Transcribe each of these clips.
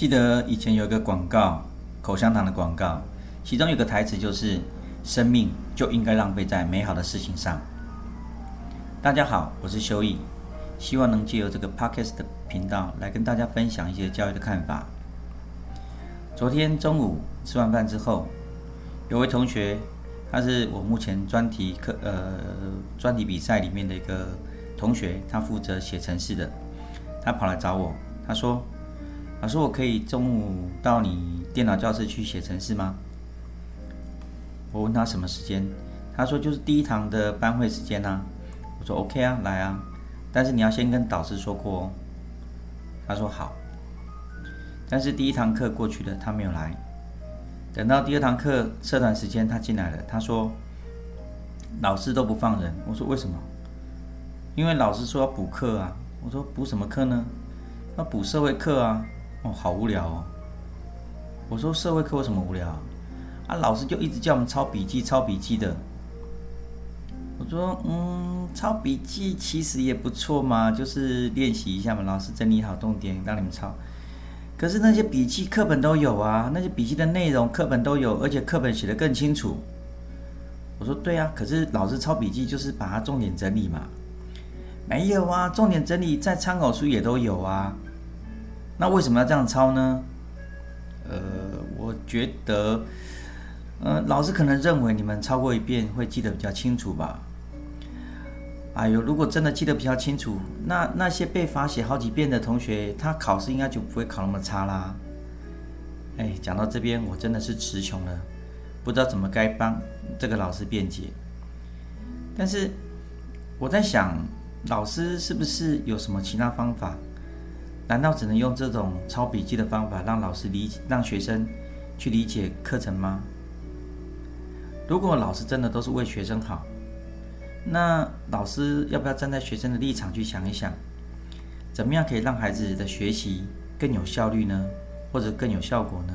記得以前有一個廣告，口香糖的廣告，其中有個台詞就是“生命就應該浪費在美好的事情上”。大家好，我是修義，希望能借由這個 Podcast 的頻道來跟大家分享一些教育的看法。昨天中午吃完飯之後，有位同學，他是我目前專題課呃專題比賽裡面的一個同學，他負責寫程式的，他跑來找我，他說。老師，我可以中午到你電腦教室去寫程式嗎？我問他什麼時間，他說就是第一堂的班會時間啊。我說 OK 啊，來啊，但是你要先跟導師說過哦。他說好，但是第一堂課過去了，他沒有來。等到第二堂課社團時間，他進來了，他說老師都不放人。我說為什麼？因為老師說要補課啊。我說補什麼課呢？要補社會課啊。哦，好無聊哦！我說社會課為什麼無聊啊？啊，老師就一直叫我們抄筆記，抄筆記的。我說，嗯，抄筆記其實也不錯嘛，就是練習一下嘛。老師整理好重點讓你們抄，可是那些筆記課本都有啊，那些筆記的內容課本都有，而且課本寫得更清楚。我說對啊，可是老師抄筆記就是把它重點整理嘛，沒有啊，重點整理在參考書也都有啊。那為什麼要這樣抄呢？呃，我覺得，呃，老師可能認為你們抄過一遍會記得比較清楚吧。哎呦，如果真的記得比較清楚，那那些被罰寫好幾遍的同學，他考試應該就不會考那麼差啦。哎，講到這邊，我真的是詞窮了，不知道怎麼該幫這個老師辯解。但是我在想，老師是不是有什麼其他方法？難道只能用這種抄筆記的方法讓老師理解，讓學生去理解課程嗎？如果老師真的都是為學生好，那老師要不要站在學生的立場去想一想，怎麼樣可以讓孩子的學習更有效率呢？或者更有效果呢？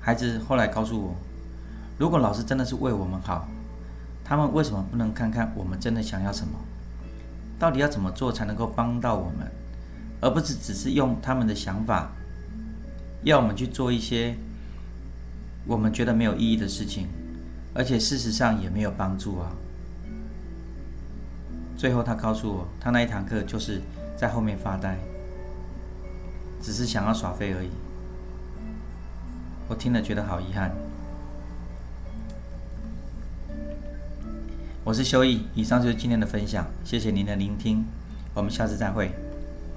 孩子後來告訴我，如果老師真的是為我們好，他們為什麼不能看看我們真的想要什麼？到底要怎麼做才能夠幫到我們？而不是只是用他們的想法要我們去做一些我們覺得沒有意義的事情，而且事實上也沒有幫助啊。最後他告訴我，他那一堂課就是在後面發呆，只是想要耍廢而已。我聽了覺得好遺憾。我是修義，以上就是今天的分享，謝謝您的聆聽，我們下次再會。